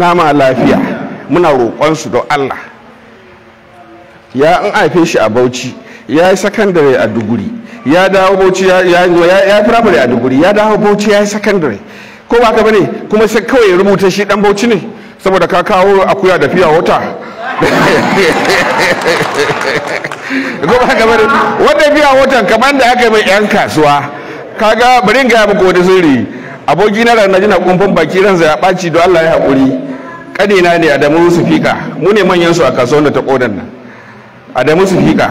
nama lafiya muna roƙonsu don allah ya an haife shi a bauchi ya yi sakandare a duguri ya dawo bauchi ya yi primary a duguri ya dawo bauchi ya yi sakandare ko ba ka bane kuma sai kawai ya rubuta shi dan bauchi ne saboda ka kawo akuya da fiya wata ko ba ka bane wanda fiya wata kamar da aka yi mai yan kasuwa kaga bari ga gaya muku wani sirri aboki na ranar jina kumfan baki ransa ya ɓaci don allah ya haƙuri kanina ne adamu fika mu ne manyan su a kasuwar da ta kodan nan adamu su fika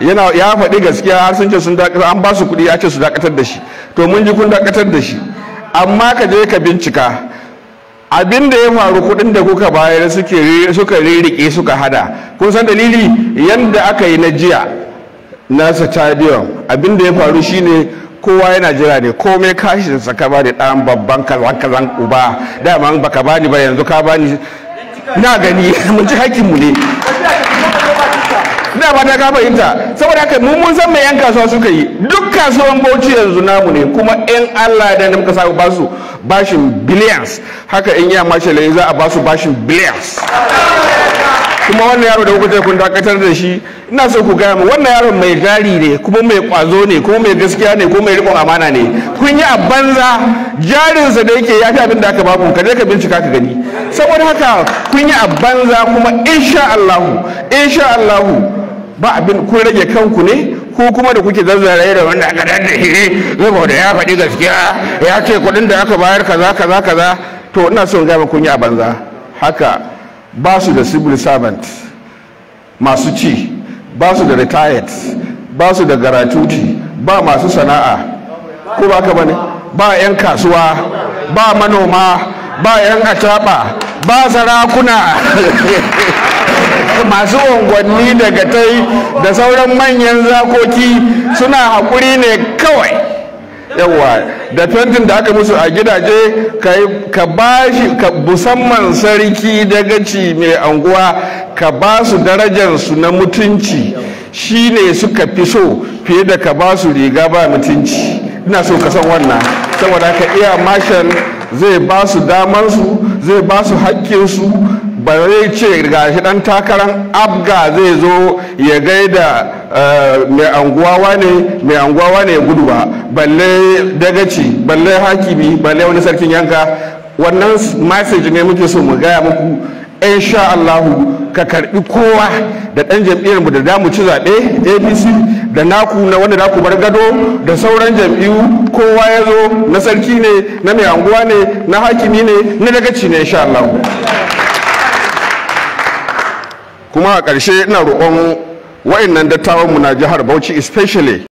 yana ya faɗi gaskiya har sun ce sun dakatar an ba su kuɗi ya ce su dakatar da shi to mun ji kun dakatar da shi amma ka je ka bincika abin da ya faru kuɗin da kuka bayar suka ririke suka hada kun san dalili yadda aka yi na jiya na stadium abin da ya faru shine kowa yana jira ne komai kashin sa ka bani dan babban kazan uba dama baka bani ba yanzu ka bani na gani mun ji hakkin mu ne da ba ta kafa saboda haka mu mun san me yan kasuwa suka yi duk kasuwan bauchi yanzu namu ne kuma yan Allah da muka sa basu bashin billions haka in ya mashale za a basu bashin billions kuma wannan yaro da kuka kun dakatar da shi ina so ku gaya mu wannan yaron mai gari ne kuma mai kwazo ne kuma mai gaskiya ne kuma mai riƙon amana ne kun yi a banza jarinsa da yake ya fi abin da aka baku ka je ka bincika ka gani saboda haka kun yi a banza kuma insha Allahu insha Allahu ba abin kun rage kanku ne ko kuma da kuke zazzare da wanda aka da hire saboda ya faɗi gaskiya ya ce kuɗin da aka bayar kaza kaza kaza to ina so gaya kun yi a banza haka ba su da civil servant masu ci ba su da retired ba su da garatuti ba masu sana'a ko ba ka bane ba 'yan kasuwa ba manoma ba 'yan acaba ba sarakuna masu unguwanni daga tai da sauran manyan zakoki suna haƙuri ne kawai yawa da fentin da aka musu a gidaje ka ba shi musamman sarki dagaci mai anguwa ka ba su darajarsu na mutunci shi ne suka fi so fiye da ka ba su riga ba mutunci ina so ka san wannan saboda ka iya mashan zai ba su damansu zai ba su haƙƙinsu ba zai ce gashi dan takarar abga zai zo ya gaida eh, mai anguwa ne mai anguwa ne gudu ba balle dagaci balle hakimi balle wani sarkin yanka wannan message ne muke so mu gaya muku sha Allahu ka karbi kowa da ɗan jam'iyyar mu da damu ci zaɓe apc da naku na wanda naku bar gado da sauran jam'iyyu kowa ya zo na sarki ne na mai anguwa ne na hakimi ne na dagaci ne insha Allah kuma a ƙarshe ina roƙon wa'annan dattawanmu na jihar bauchi especially